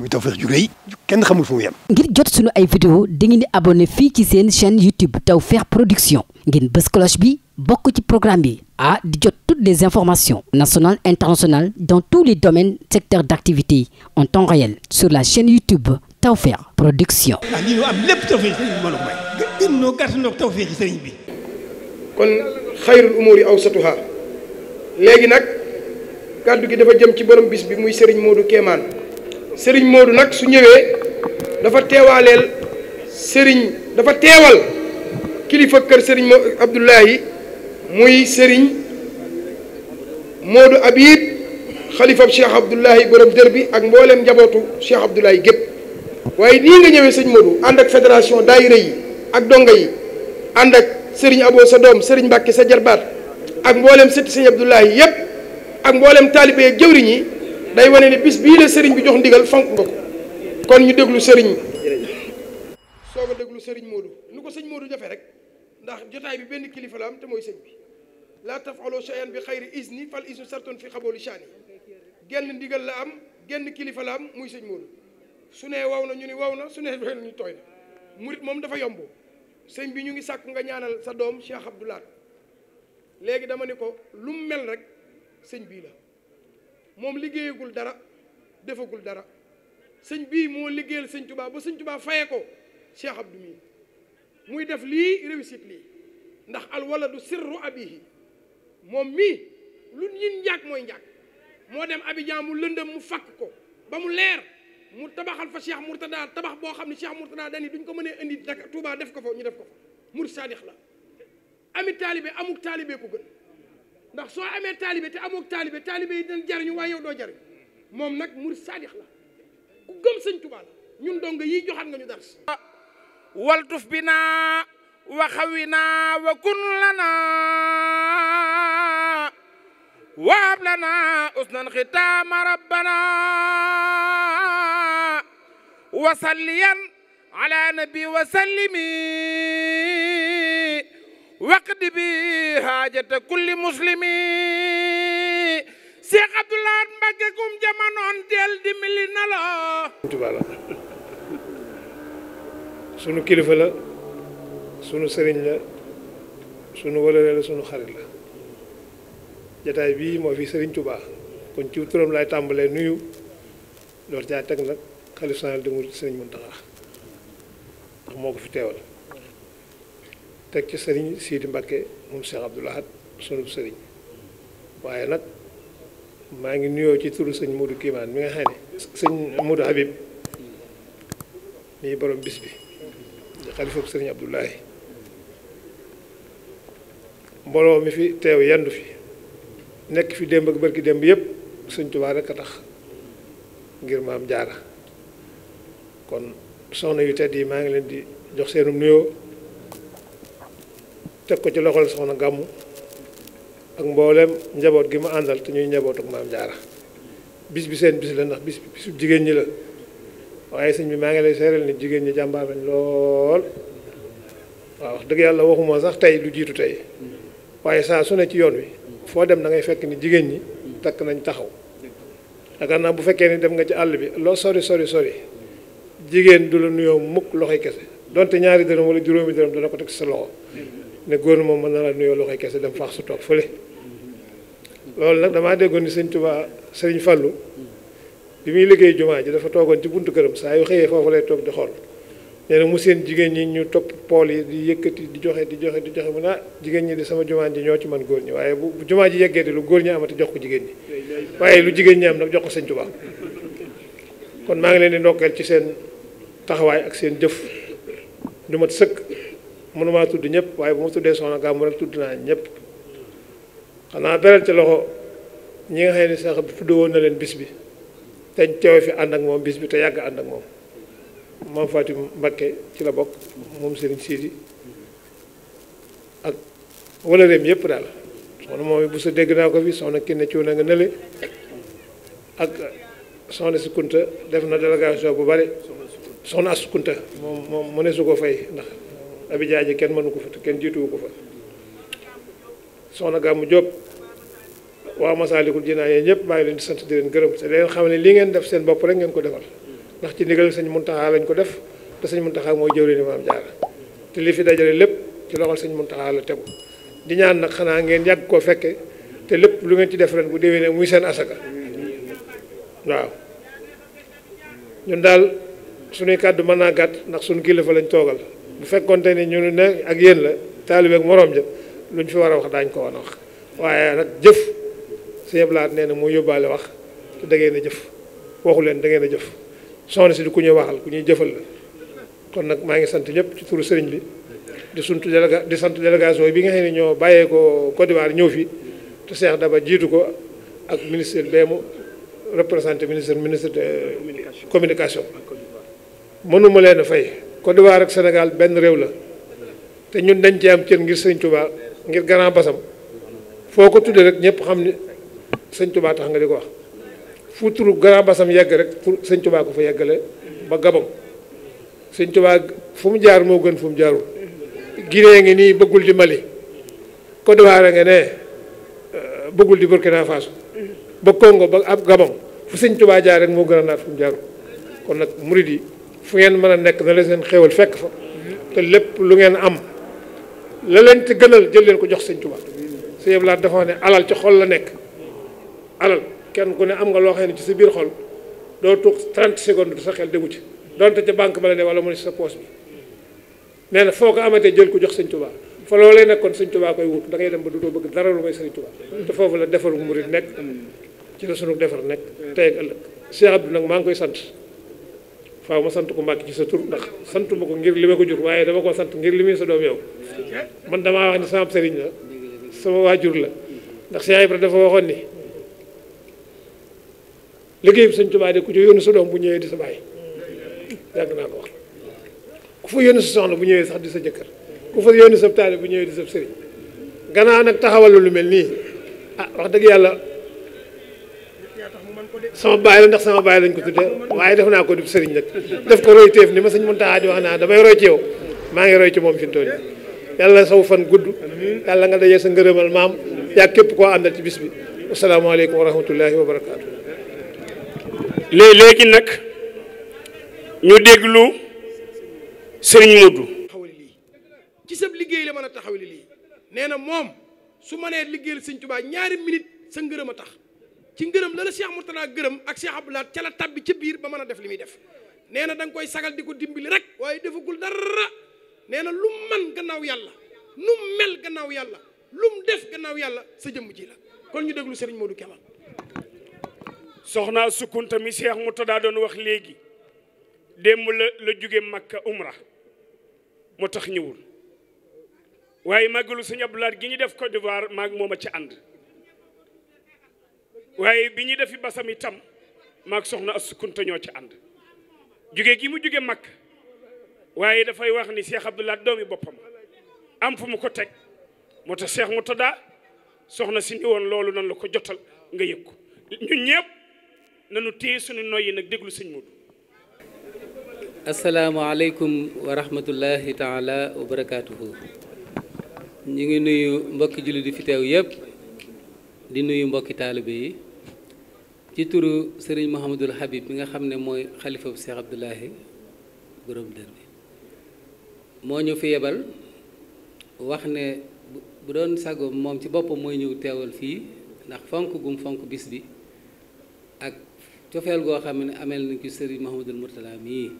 muy Tawfekh ju rëy kenn xamul fu mu yem. ngir jot sunu ay vidéo dangeen di abonné fii ci seen chaîne YouTube Tawfekh Production ngeen bës bi bokk ci programme bi a di jot toutes les informations nationales internationales dans tous les domaines secteurs d'activité en temps réel sur la chaîne YouTube Tawfekh Production. ah lii am lépp Tawfekh sëriñ bi may. gën noo gàtt noo Tawfekh sëriñ bi. léegi nag kàddu gi dafa jëm ci borom bis bi muy Serigne Modou sëriñ Modou nag su ñëwee dafa teewaaleel sëriñ dafa teewal kilifa kër sëriñ Mo Abdoulahi muy sëriñ Modou Habib xalifam Cheikh Abdoulahi borom dër bi ak mbooleem njabootu Cheikh Abdoulahi gépp waaye nii nga ñëwee sëñ Modou ànd ak fédération daayira yi ak donga yi ànd ak sëriñ Abo sa doom sëriñ Mbàkke sa jarbaat ak mbooleem sëtti sëñ Abdoulahi yépp ak mbooleem taalibe jëwriñ yi day wane ne bis bii la sëriñ bi jox ndigal fonk nga ko kon ñu déglu sëriñ soo ko déglu sëriñ Modou nu ko sëñ Modou jafe rek ndax jotaay bi benn kilifa la am te mooy sëñ bi laa tafaloo shay'an bi xayri isni fal isnu sartun fi xabooli shaani genn ndigal la genn kilifa la am muy sëñ su nee waw na ñu ni waw na su nee doy na ñu tooy murit moom dafa yomb sëñ bi ñu ngi sàkku nga ñaanal sa doom Cheikh Abdoulaat léegi dama ne ko lu mu mel rek sëñ bii la moom liggéeyagul dara defagul dara sëñ bii moo liggéeyal sëñ tubaa ba sëñ tubaa faye ko Cheikh du mi muy def lii réussite lii ndax du sirru abihi moom mii lu ñin njàkk mooy njàkk moo dem Abidjan mu lëndëm mu fakk ko ba mu leer mu tabaxal fa Cheikh Mourtada tabax boo xam ne Cheikh Mourtada dani duñ ko mënee indi Dakar Touba def ko fa ñu def ko fa mur sadix la amit taalibe amuk taalibe ko gën ndax soo amee taalibe te amook taalibe taalibe jariñu waaye yow doo jariñ moom nag mur saadix ku gëm sëñ Tuubaa ñun dong yi joxaat nga ñu dars waltuf bi naa wa xawi wa kun lanaa waab lanaa usnan xitaama rabbanaa wa salliyan ala nabi wa sallimi waqdi bi haajata kulli muslimi Cheikh Abdoul Ahad Mbacké kum jamonoon la. sunu kilifa la sunu sëriñ la sunu wëlëre la sunu xarit la jataay bii moo fi sëriñ tubaa kon ci turam laay tàmbalee nuyu door caa teg nag xalifa général des mourides sëriñ Mountakha ndax moo ko fi teewal. teg ci sëriñ Sidi Mbakke moom Cheikh Abdoul Ahad sëriñ waaye nag maa ngi nuyoo ci turu sëñ Modou Kiimaan mi nga xam ne sëñ Modou Habib mii borom bis bi xalifab sëriñ Abdoulahi mbooloo mi fi teew yendu fi nekk fi démb ak barki démb yépp sëñ Tuubaa rek a tax ngir maam jaara kon soxna yu tedd yi maa ngi leen di jox seenum nuyoo teg ko ci loxol soxna gàmmu ak mbooleem njaboot gi ma àndal te ñuy njaboot ak maam jaara bis bi seen bis la ndax bis su jigéen ñi la waaye sëñ bi maa ngi lay seeral ni jigéen ñi jàmbaar lañ lool waaw dëgg yàlla waxuma sax tey lu jiitu tey waaye saa su ne ci yoon wi foo dem da ngay fekk ni jigéen ñi takk nañ taxaw yaakaar naa bu fekkee ni dem nga ci àll bi loo sori sori sori jigéen du la nuyoo mukk loxoy kese donte ñaari dërëm wala juróomi dërëm dana ko teg sa ne góor moom mën na la nuyoo loxoy kese dem faax su toog fële loolu nag damaa déggoon ni seen Tuubaa sëriñ Fallu bi muy liggéey jumaa ji dafa toogoon ci bunt këram saa yu xëyee foofu lay toog di xool nee na mu seen jigéen ñi ñu topp pool yi di yëkkati di joxe di joxe di joxe mu naa ah, jigéen ñi di sama jumaa ji ñoo ci man góor ñi waaye bu jumaa ji yeggee di lu góor ñi amati jox ko jigéen ñi waaye lu jigéen ñi am nag jox ko sëñ Tuubaa kon maa ngi leen di ndokkeel ci seen taxawaay ak seen jëf mënumaa tudd ñëpp waaye bu ma tuddee soxna gàmmu rek tudd naa ñëpp xanaa beral ci loxo ñi nga xam ne sax tudd woon na leen bis bi dañ teew fi ànd ak moom bis bi te yàgg ànd ak moom moom Fatim ci la bokk moom ak wala réem yëpp daal soxna moom bu sa dégg naa ko fi soxna Kine ciw na nga nële ak soxna si Kunta def na délégation bu bari soxna Asou Kunta moom moom mu ne su ko fay Abidjan ji kenn mënu ko fa te kenn jiituwu ko fa soxna Gamou Diop waa Masaalikul Jinaan yéen ñëpp maa ngi leen di sant di leen gërëm te leen xam ne li ngeen def seen bopp rek ngeen ko defal ndax ci ndigal sëñ Muntaxa lañ ko def te sëñ Muntaxa mooy jëwriñu Maam Jaara te li fi dajale lépp ci loxol sëñ Muntaxa la tegu di ñaan nag xanaa ngeen yàgg koo fekke te lépp lu ngeen ci def ren bu déwénee muy seen asaka waaw ñun daal suñuy kàddu mën naa gàtt ndax suñu kilifa lañ toogal bu fekkonte ni ñu ne ak yéen la taalibe moroom moroom lu luñ fi war a wax daañ ko woon a wax waaye nag jëf sëñ Ablaat nee na mooy yóbbaale wax te da ngeen a jëf waxu leen da ngeen a jëf soxna si du ku ñuy waxal ku ñuy jëfal la kon nag maa ngi sant ñëpp ci turu sëriñ bi di sunt déléga di sant délégation bi nga xam ne ñoo bàyyee ko ñëw fi te Cheikh Daba jiitu ko ak ministre bee mu représenté ministre ministre de communication mënuma leen a fay Côte d'Ivoire ak Sénégal benn réew la te ñun dañ ci am cër ngir sëñ Touba ngir Grand basam foo ko tuddee rek ñépp xam ni sëñ Touba tax nga di ko wax fu turu Grand Bassam yegg rek pour sëñ Touba ko fa yeggale ba Gabon sëñ Touba fu mu jaar moo gën fu mu jaarul. Guinée ngi nii bëggul di Mali Côte d'Ivoire nga ne euh, bëggul di Burkina Faso ba Congo ba ab Gabon fu sëñ Touba jaar rek moo gën a naat fu mu jaarul kon nag murid fu ngeen mën a nekk na leen seen xéewal fekk fa te lépp lu ngeen am la leen ci gënal jël leen ko jox sëñ Tuubaa sëñ Abdu Lahat dafa wax ne alal ci xol la nekk alal kenn ku ne am nga loo xam ne ci si biir xol doo toog 30 secondes du sa xel demu ci donte ca banque ba la ne wala mu ne sa poos bi nee na foo ko amatee jël ko jox sëñ Tuubaa fa loolee nekkoon sëñ Tuubaa koy wut da ngay dem ba du dutoo bëgg dara lu may sëñ Tuubaa te foofu la defaru murid nekk ci la sunu defar nekk tey ak ëllëg Cheikh Abdou maa ngi koy sant faaw ma sant ko Mbàkke ci sa tur ndax santuma ko ngir li ma ko jur waaye dama ko sant ngir li muy sa doom man damaa wax ne sama sëriñ la sama waajur la ndax Cheikh Ibra dafa waxoon ni liggéey bi sëñ Tuubaa de ku ci yónni sa doom bu ñëwee di sa baay yàgg naa ko wax ku fa yónni sa soxna bu ñëwee sax di sa jëkkër ku fa yónni sa taale bu ñëwee di sa sëriñ gannaaw nag taxawal lu mel nii ah wax dëgg yàlla sama baay la ndax sama baay lañ ko tuddee waaye def naa ko du sëriñ nag def ko roy teef ni ma sañ Muntaxa di wax naa damay roy ci yow maa ngi roy ci moom fi mu toll yàlla saw fan gudd yàlla nga dajee sa ngërëmal maam yaa képp koo àndal ci bis bi asalaamaaleykum wa rahmatullahi wa barakaatu. léegi nag ñu déglu sëriñ Modou. ci sab liggéey la mën a taxawal lii nee na moom su ma nee liggéeyal sëñ ñaari minute sa ngërëm a tax. ci ngërëm la la Cheikh Mourtada gërëm ak Cheikh Abdoulaye ca la tabbi ca biir ba mën a def li muy def nee na da koy sagal di ko dimbali rek waaye defagul dara nee na lu man gannaaw yàlla nu mel gannaaw yàlla lu mu def gannaaw yàlla sa jëmm ji la kon ñu déglu Serigne Modou Kemal soxnaa sukkunta mi Cheikh Mourtada doon wax léegi démb la la jóge Makka umra moo tax ñëwul waaye màggalu Sëñ Abdoulaye gi ñu def Côte d'Ivoire maag mooma ci ànd waaye bi ñu defi basam itam maag soxna Astou Kounta ñoo ci ànd jóge gi mu jóge mag waaye dafay wax ni Cheikh doomi boppam am fu mu ko teg moo tax Cheikh Moutada soxna si ni woon loolu nan la ko jotal nga yëg ko ñun ñëpp nañu téye suñu noyyi nag déglu sëñ Modou asalaamaaleykum wa rahmatullahi taala wa barakaatuhu ñu ngi nuyu mbokki julli di fi teew yëpp di nuyu mbokki taalibe yi ci turu sëriñ Mouhamadul Habib bi nga xam ne mooy xalifa bu Cheikh Abdoulahi borom dër bi moo ñu fi yebal wax ne bu doon sagoo moom ci boppam mooy ñëw teewal fii ndax fonk gum fonk bis bi ak cofeel goo xam ne ameel nañ ci sëriñ Mouhamadul Mourtala yi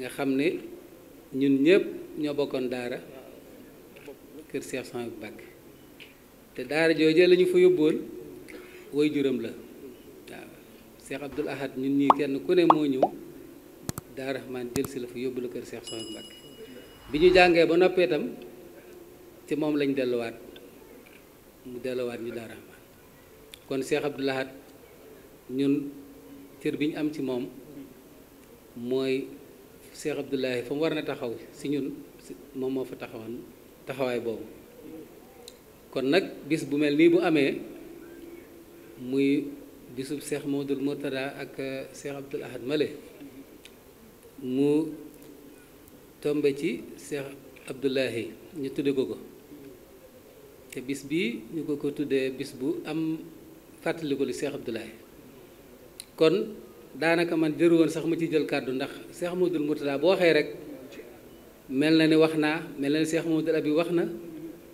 nga xam ne ñun ñëpp ñoo bokkoon daara kër Cheikh Sane Mbacke te daara jooju la fa yóbboon way juram la Cheikh Abdoul Ahad ñun ñii kenn ku ne moo ñëw daa raxmaan jël si la fa yóbbu la kër Cheikh Sohaibou Mbacké bi ñu jàngee ba noppee itam ci moom lañ delluwaat mu delluwaat ñu daa raxmaan kon Cheikh Abdoul Ahad ñun cër bi ñu am ci moom mooy Cheikh Abdoul Ahad fa mu war na taxaw si ñun moom moo fa taxawoon taxawaay boobu kon nag bis bu mel nii bu amee muy bisub Cheikh Modou Mourtada ak Cheikh euh, Abdoul Ahad Male mu tombe ci Cheikh Abdoulahi ñu tudde ko ko te bis bi ñu ko ko tuddee bis bu am fàttali ko li Cheikh Abdoulahi kon daanaka man jër woon sax mu ci jël kàddu ndax Cheikh Modou Mourtada boo waxee rek mel na ni wax naa mel na ni Cheikh Modou Abi wax na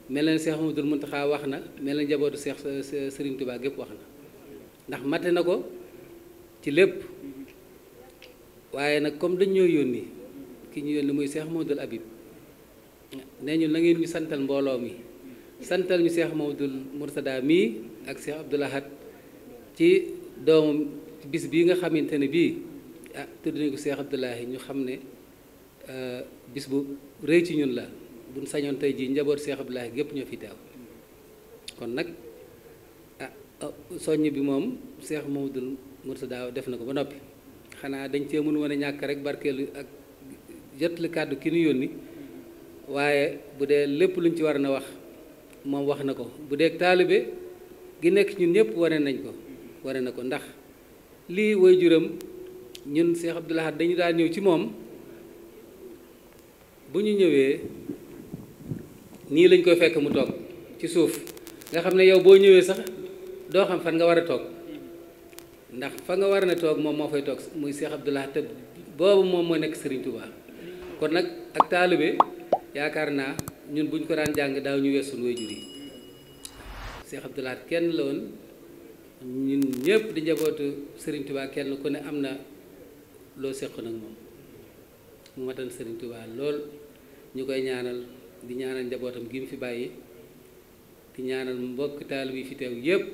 mel na ni Cheikh mun Mountakha wax na mel na ni njabootu Cheikh Serigne Touba gépp wax na ndax matte na ko ci lépp waaye nag comme dañ ñoo yónni ki ñu yónni muy Seex Mamadul Habib nee ñu na ngeen ñu santal mbooloo mi santal ñu Seex Mamadul Murtada mii ak Seex Abdul ci doomu bis bi nga xamante ne bii ah tudd nañu ko Seex Abdullahi ñu xam ne euh, bis bu rëy ci ñun la bu sañoon tey jii njaboot Seex Abdullahi gépp ñoo fi teew kon nag Ah, soññ bi moom Cheikh Mamadou Mourtada def na ko ba noppi xanaa dañ cee mën woon ñàkk rek barkeelu ak jot kàddu ki ñu yónni waaye bu dee lépp luñ ci war na wax moom wax na ko bu dee taalibe gi nekk ñun ñëpp wane nañ ko ware na ko ndax lii woy juram ñun Cheikh Abdoul dañu daan ñëw ci moom bu ñu ñëwee nii lañ koy fekk mu toog ci suuf nga xam ne yow boo ñëwee sax doo xam fan nga war a toog ndax fa nga war na toog moom moo fay toog muy Cheikh Abdoulaye te boobu moom moo nekk Serigne kon nag ak taalibe yaakaar naa ñun buñ ko daan jàng daaw ñu weesu way jur yi Cheikh Abdoulaye kenn la ñëpp di njabootu Serigne kenn ku ne am na loo seq nag moom mu matan Serigne lool ñu koy ñaanal di ñaanal njabootam gi mu fi bàyyi di ñaanal mbokk taalibe yi fi teew yëpp.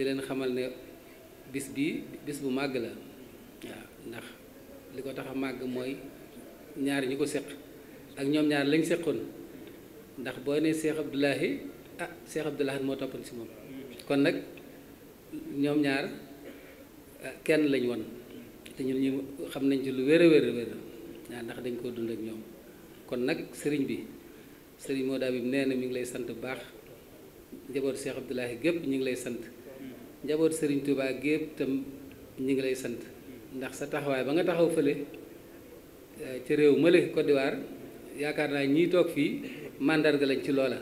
di leen xamal ne bis bi bis bu màgg la waaw ndax li ko tax a màgg mooy ñaar ñi ko seq ak ñoom ñaar lañ seqoon ndax boo nee Cheikh Abdoulahi ah Cheikh Abdoulahi moo toppoon si moom kon nag ñoom ñaar ah, kenn lañ woon te ñun ñu xam nañ ci lu wér a wér a ndax dañ koo dund ak ñoom kon nag sëriñ bi sëriñ moo daa bi nee na mi ngi lay sant bu baax njaboot Cheikh Abdoulahi gépp ñu ngi lay sant njaboot sëriñ Tuubaa gépp tam ñu ngi lay sant ndax sa taxawaay ba nga taxaw fële eh, ci réew mële Côte yaakaar naa ñii toog fii màndarga lañ ci loola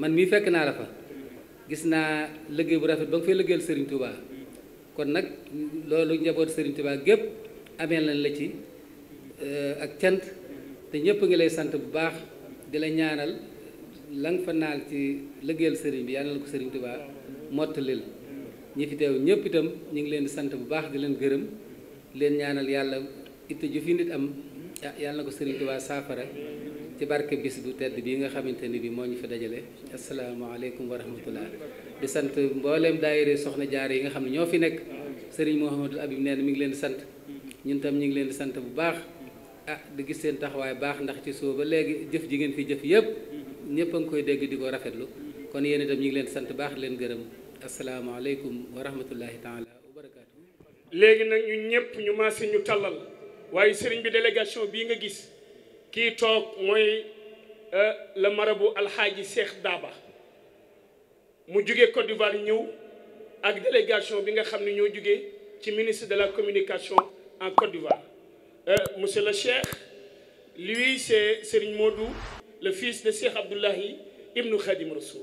man mii fekk naa la fa gis naa liggéey bu rafet ba nga fay liggéeyal sëriñ Tuubaa kon nag loolu njaboot sëriñ Tuubaa gépp amee lañ la ci eh, ak cant te ñëpp ngi lay sant bu baax di la ñaanal la nga fa naal ci liggéeyal sëriñ bi yàlla na la ko sëriñ Tuubaa mottalil ñi fi teew ñëpp itam ñu ngi leen di sant bu baax di leen gërëm leen ñaanal yàlla itte ju fi nit am yàlla na ko Sëriñ Tuubaa saafara ci barke bis bu tedd bii nga xamante ni bi moo ñu fi dajale asalaamaaleykum wa rahmatullah di sant mbooleem daayira soxna jaare yi nga xam ne ñoo fi nekk Sëriñ Mouhamadul Abib nee na mi ngi leen di sant ñun tam ñu ngi leen di sant bu baax ah di gis seen taxawaay baax ndax ci suba ba léegi jëf ji ngeen fi jëf yëpp ñëpp a ngi koy dégg di ko rafetlu kon yéen itam ñu ngi leen sant baax leen gërëm asalaamaaleykum wa rahmatullahi taala léegi nag ñun ñëpp ñu maase ñu tàllal waaye sëriñ bi délégation bii nga gis kii toog mooy euh, le marabout alxaaji Cheikh daaba mu jugee Côte d'Ivoire ñëw ak délégation bi nga xam ne ñoo jugee ci ministre de la communication en Côte d'Ivoire. Euh, monsieur le Cheikh lui c'est Serigne Modou le fils de Cheikh Abdoulahi ibnu Khadim Rasoul.